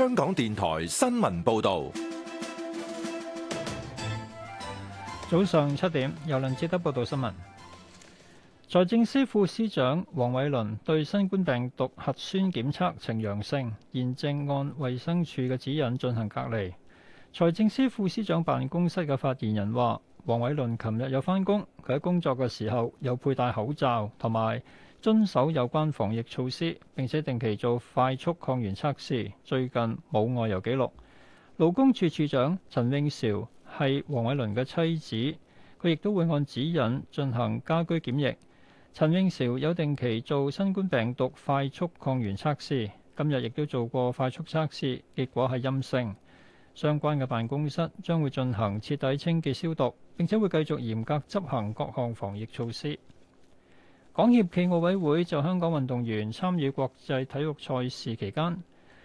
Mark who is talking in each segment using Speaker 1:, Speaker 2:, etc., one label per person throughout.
Speaker 1: 香港電台新聞報道，
Speaker 2: 早上七點，由林志德報道新聞。財政司副司長黃偉綸對新冠病毒核酸檢測呈陽性，現正按衛生署嘅指引進行隔離。財政司副司長辦公室嘅發言人話，黃偉綸琴日有翻工，佢喺工作嘅時候有佩戴口罩同埋。遵守有關防疫措施，並且定期做快速抗原測試。最近冇外遊記錄。勞工處處長陳永韶係黃偉倫嘅妻子，佢亦都會按指引進行家居檢疫。陳永韶有定期做新冠病毒快速抗原測試，今日亦都做過快速測試，結果係陰性。相關嘅辦公室將會進行徹底清潔消毒，並且會繼續嚴格執行各項防疫措施。港協暨奧委會就香港運動員參與國際體育賽事期間，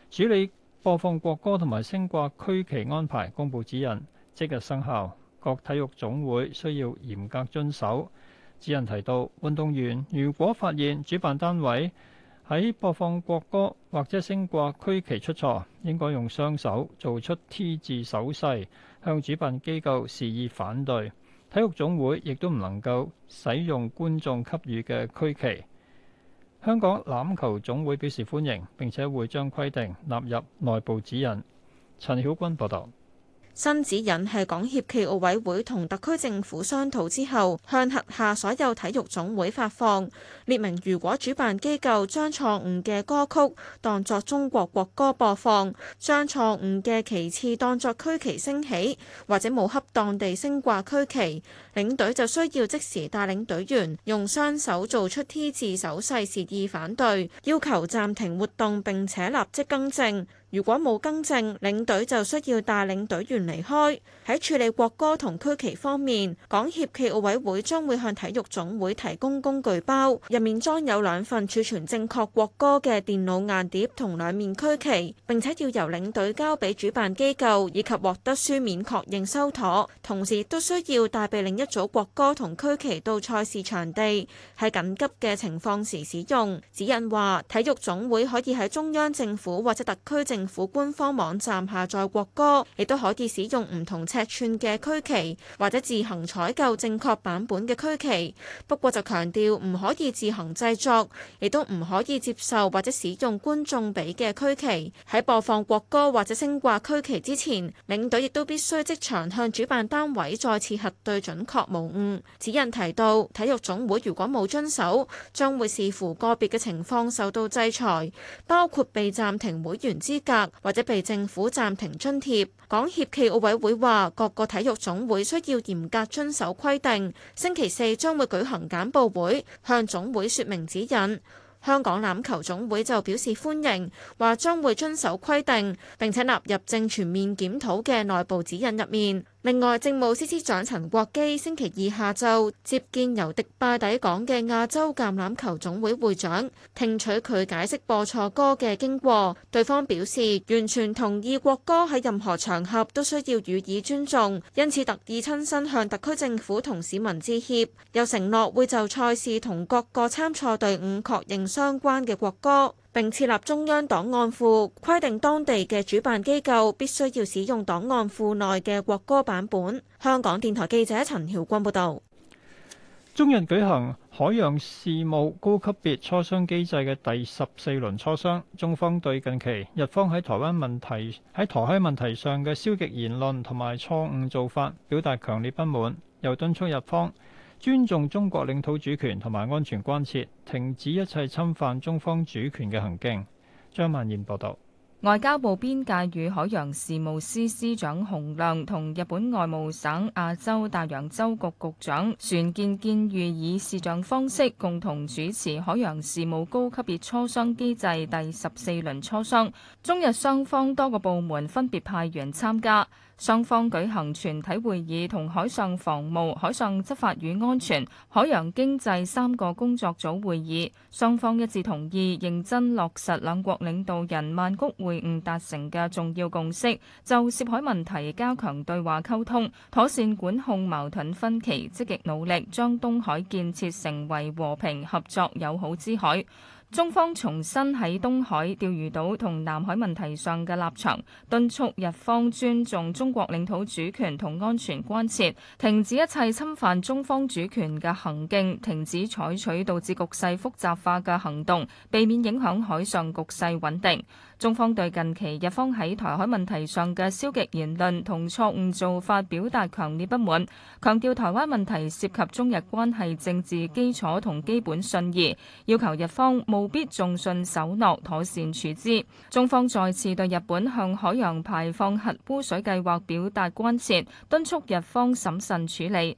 Speaker 2: 處理播放國歌同埋升掛區旗安排公佈指引，即日生效。各體育總會需要嚴格遵守。指引提到，運動員如果發現主辦單位喺播放國歌或者升掛區旗出錯，應該用雙手做出 T 字手勢，向主辦機構示意反對。體育總會亦都唔能夠使用觀眾給予嘅區旗。香港欖球總會表示歡迎，並且會將規定納入內部指引。陳曉君報道。
Speaker 3: 新指引係港協暨奧委會同特區政府商討之後，向轄下所有體育總會發放，列明如果主辦機構將錯誤嘅歌曲當作中國國歌播放，將錯誤嘅旗幟當作區旗升起，或者冇恰當地升掛區旗，領隊就需要即時帶領隊員用雙手做出 T 字手勢示意反對，要求暫停活動並且立即更正。如果冇更正，領隊就需要帶領隊員離開。喺處理國歌同區旗方面，港協企奧委會將會向體育總會提供工具包，入面裝有兩份儲存正確國歌嘅電腦硬碟同兩面區旗。並且要由領隊交俾主辦機構，以及獲得書面確認收妥。同時亦都需要帶備另一組國歌同區旗到賽事場地，喺緊急嘅情況時使用。指引話，體育總會可以喺中央政府或者特區政政府官方網站下載國歌，亦都可以使用唔同尺寸嘅區旗，或者自行採購正確版本嘅區旗。不過就強調唔可以自行製作，亦都唔可以接受或者使用觀眾俾嘅區旗。喺播放國歌或者升掛區旗之前，領隊亦都必須即場向主辦單位再次核對準確無誤。指引提到，體育總會如果冇遵守，將會視乎個別嘅情況受到制裁，包括被暫停會員之。或或者被政府暫停津貼，港協暨奧委會話各個體育總會需要嚴格遵守規定，星期四將會舉行簡報會，向總會說明指引。香港籃球總會就表示歡迎，話將會遵守規定，並且納入正全面檢討嘅內部指引入面。另外，政務司司長陳國基星期二下晝接見由迪拜抵港嘅亞洲橄欖球總會會長，聽取佢解釋播錯歌嘅經過。對方表示完全同意國歌喺任何場合都需要予以尊重，因此特意親身向特區政府同市民致歉，又承諾會就賽事同各個參賽隊伍確認相關嘅國歌。並設立中央檔案庫，規定當地嘅主辦機構必須要使用檔案庫內嘅國歌版本。香港電台記者陳曉君報導。
Speaker 2: 中日舉行海洋事務高級別磋商機制嘅第十四輪磋商，中方對近期日方喺台灣問題、喺台海問題上嘅消極言論同埋錯誤做法表達強烈不滿，又敦促日方，尊重中國領土主權同埋安全關切，停止一切侵犯中方主權嘅行徑。張曼燕報道，
Speaker 4: 外交部邊界與海洋事務司司長洪亮同日本外務省亞洲大洋洲局局長船越健裕以視像方式共同主持海洋事務高級別磋商機制第十四輪磋商，中日雙方多個部門分別派員參加。雙方舉行全體會議同海上防務、海上執法與安全、海洋經濟三個工作組會議，雙方一致同意認真落實兩國領導人曼谷會晤達成嘅重要共識，就涉海問題加強對話溝通，妥善管控矛盾分歧，積極努力將東海建設成為和平、合作、友好之海。中方重申喺東海釣魚島同南海問題上嘅立場，敦促日方尊重中國領土主權同安全關切，停止一切侵犯中方主權嘅行徑，停止採取導致局勢複雜化嘅行動，避免影響海上局勢穩定。中方對近期日方喺台海問題上嘅消極言論同錯誤做法表達強烈不滿，強調台灣問題涉及中日關係政治基礎同基本信義，要求日方務必重信守諾，妥善處置。中方再次對日本向海洋排放核污水計劃表達關切，敦促日方審慎處理。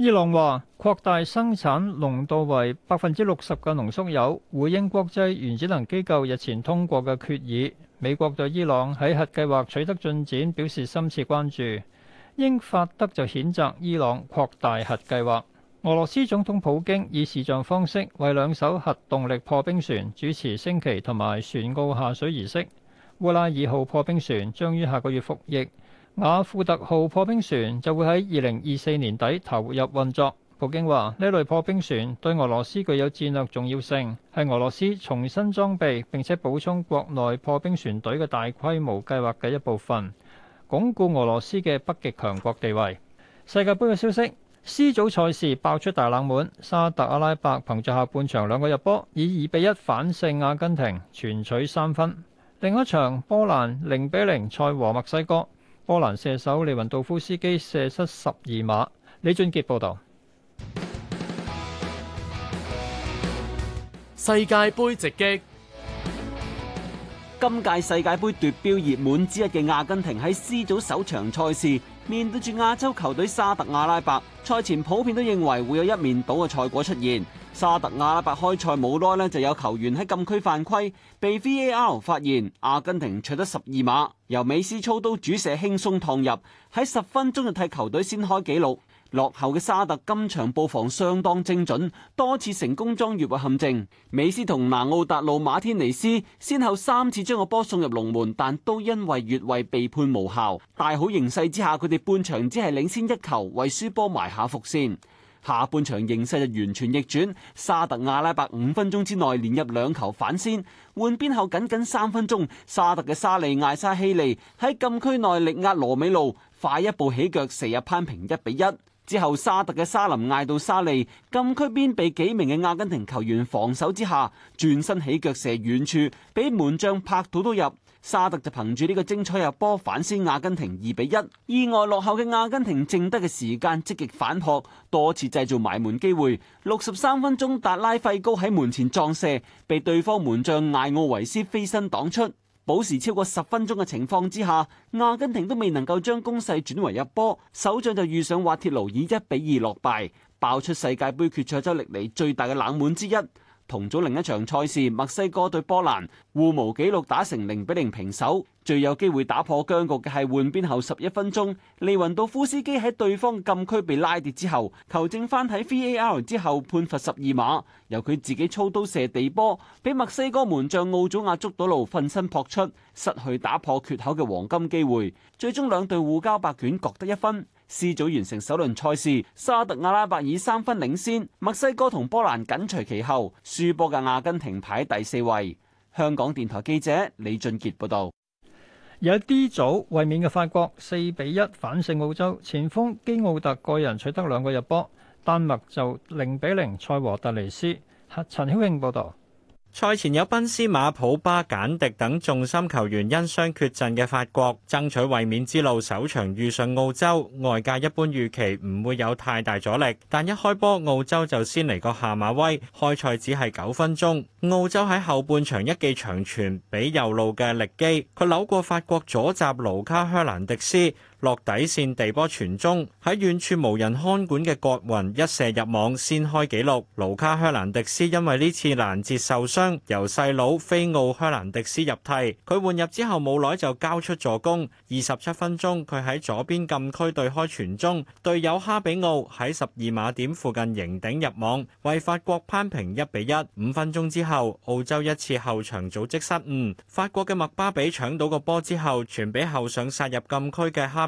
Speaker 2: 伊朗話擴大生產濃度為百分之六十嘅濃縮鈾，回應國際原子能機構日前通過嘅決議。美國對伊朗喺核計劃取得進展表示深切關注。英法德就譴責伊朗擴大核計劃。俄羅斯總統普京以視像方式為兩艘核動力破冰船主持升旗同埋船澳下水儀式。烏拉爾號破冰船將於下個月服役。雅庫特號破冰船就會喺二零二四年底投入運作。普京話呢類破冰船對俄羅斯具有戰略重要性，係俄羅斯重新裝備並且補充國內破冰船隊嘅大規模計劃嘅一部分，鞏固俄羅斯嘅北極強國地位。世界盃嘅消息，C 組賽事爆出大冷門，沙特阿拉伯憑着下半場兩個入波，以二比一反勝阿根廷，全取三分。另一場，波蘭零比零賽和墨西哥。波蘭射手利雲道夫斯基射失十二碼。李
Speaker 1: 俊杰報道。世
Speaker 4: 界杯直擊，
Speaker 1: 今屆世界杯奪標熱門之一嘅阿根廷喺 C 組首場賽事面對住亞洲球隊沙特阿拉伯。賽前普遍都認為會有一面倒嘅賽果出現。沙特阿拉伯開賽冇耐咧，就有球員喺禁區犯規，被 VAR 發現。阿根廷取得十二碼，由美斯操刀主射輕鬆趟入，喺十分鐘就替球隊先開紀錄。落後嘅沙特今場布防相當精準，多次成功裝越位陷阱。美斯同南奧達路馬天尼斯先後三次將個波送入龍門，但都因為越位被判無效。大好形勢之下，佢哋半場只係領先一球，為輸波埋下伏線。下半場形勢就完全逆轉，沙特阿拉伯五分鐘之內連入兩球反先。換邊後僅僅三分鐘，沙特嘅沙利艾沙希利喺禁區內力壓羅美路，快一步起腳射入攀平一比一。之後，沙特嘅沙林嗌到沙利禁區邊，被幾名嘅阿根廷球員防守之下轉身起腳射遠處，俾門將拍到都入。沙特就憑住呢個精彩入波反先阿根廷，二比一，意外落後嘅阿根廷剩得嘅時間積極反撲，多次製造埋門機會。六十三分鐘，達拉費高喺門前撞射，被對方門將艾奧維斯飛身擋出。保持超過十分鐘嘅情況之下，阿根廷都未能夠將攻勢轉為入波，首仗就遇上滑鐵盧以一比二落敗，爆出世界盃決賽周歷嚟最大嘅冷門之一。同組另一場賽事，墨西哥對波蘭互無紀錄打成零比零平手。最有機會打破僵局嘅係換邊後十一分鐘，利雲道夫斯基喺對方禁區被拉跌之後，球證翻睇 V A R 之後判罰十二碼，由佢自己操刀射地波，俾墨西哥門將奧祖亞捉到路，奮身撲出，失去打破缺口嘅黃金機會。最終兩隊互交白卷，各得一分。C 組完成首輪賽事，沙特阿拉伯以三分領先，墨西哥同波蘭緊隨其後，輸波嘅阿根廷排第四位。香港電台記者李俊傑報道。有一啲
Speaker 2: 組，衛冕嘅法國四比一反勝澳洲，前鋒基奧特個人取得兩個入波，丹麥就零比零賽和特尼斯。陳曉慶報道。
Speaker 5: 賽前有賓斯馬普巴簡迪等重心球員因傷缺陣嘅法國，爭取衛冕之路首場遇上澳洲，外界一般預期唔會有太大阻力，但一開波澳洲就先嚟個下馬威。開賽只係九分鐘，澳洲喺後半場一記長傳俾右路嘅力基，佢扭過法國左閘盧卡香蘭迪斯。落底線地波傳中，喺遠處無人看管嘅國雲一射入網先開紀錄。盧卡·香蘭迪斯因為呢次攔截受傷，由細佬菲奧·香蘭迪斯入替。佢換入之後冇耐就交出助攻。二十七分鐘，佢喺左邊禁區對開傳中，隊友哈比奧喺十二碼點附近迎頂入網，為法國攀平一比一。五分鐘之後，澳洲一次後場組織失誤，法國嘅麥巴比搶到個波之後傳俾後上殺入禁區嘅哈。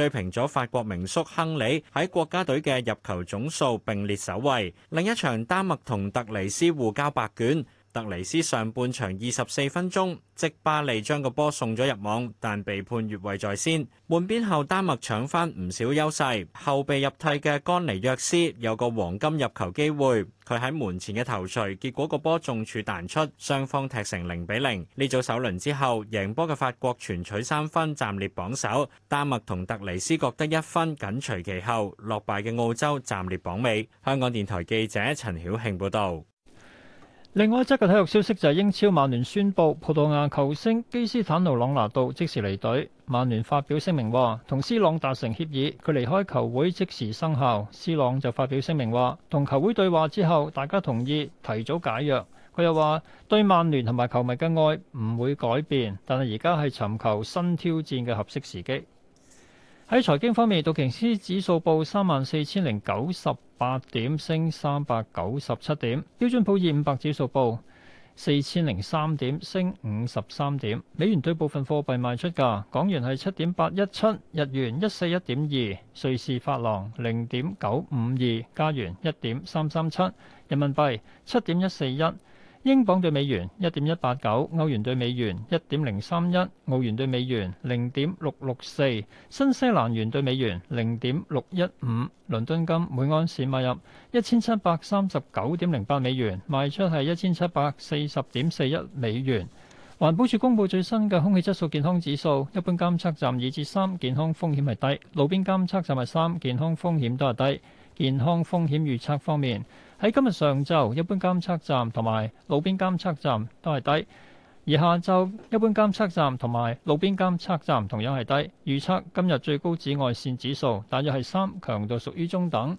Speaker 5: 追平咗法國名宿亨利喺國家隊嘅入球總數，並列首位，另一場丹麥同特尼斯互交白卷。特尼斯上半場二十四分鐘，即巴利將個波送咗入網，但被判越位在先。換邊後，丹麥搶翻唔少優勢。後備入替嘅干尼約斯有個黃金入球機會，佢喺門前嘅頭槌，結果個波中柱彈出，雙方踢成零比零。呢組首輪之後，贏波嘅法國全取三分，暫列榜首。丹麥同特尼斯各得一分，緊隨其後。落敗嘅澳洲暫列榜尾。香港電台記者陳曉慶報導。另外一
Speaker 2: 則嘅體育消息就係英超曼聯宣布葡萄牙球星基斯坦奴朗拿度即時離隊。曼聯發表聲明話，同斯朗達成協議，佢離開球會即時生效。斯朗就發表聲明話，同球會對話之後，大家同意提早解約。佢又話，對曼聯同埋球迷嘅愛唔會改變，但係而家係尋求新挑戰嘅合適時機。喺財經方面，道瓊斯指數報三萬四千零九十八點，升三百九十七點；標準普爾五百指數報四千零三點，升五十三點。美元對部分貨幣賣出價，港元係七點八一七，日元一四一點二，瑞士法郎零點九五二，加元一點三三七，人民幣七點一四一。英鎊兌美元一點一八九，歐元兌美元一點零三一，澳元兌美元零點六六四，新西蘭元兌美元零點六一五。倫敦金每安士買入一千七百三十九點零八美元，賣出係一千七百四十點四一美元。環保署公布最新嘅空氣質素健康指數，一般監測站二至三，健康風險係低；路邊監測站係三，健康風險都係低。健康風險預測方面。喺今日上晝，一般監測站同埋路邊監測站都係低；而下晝，一般監測站同埋路邊監測站同樣係低。預測今日最高紫外線指數大約係三，強度屬於中等。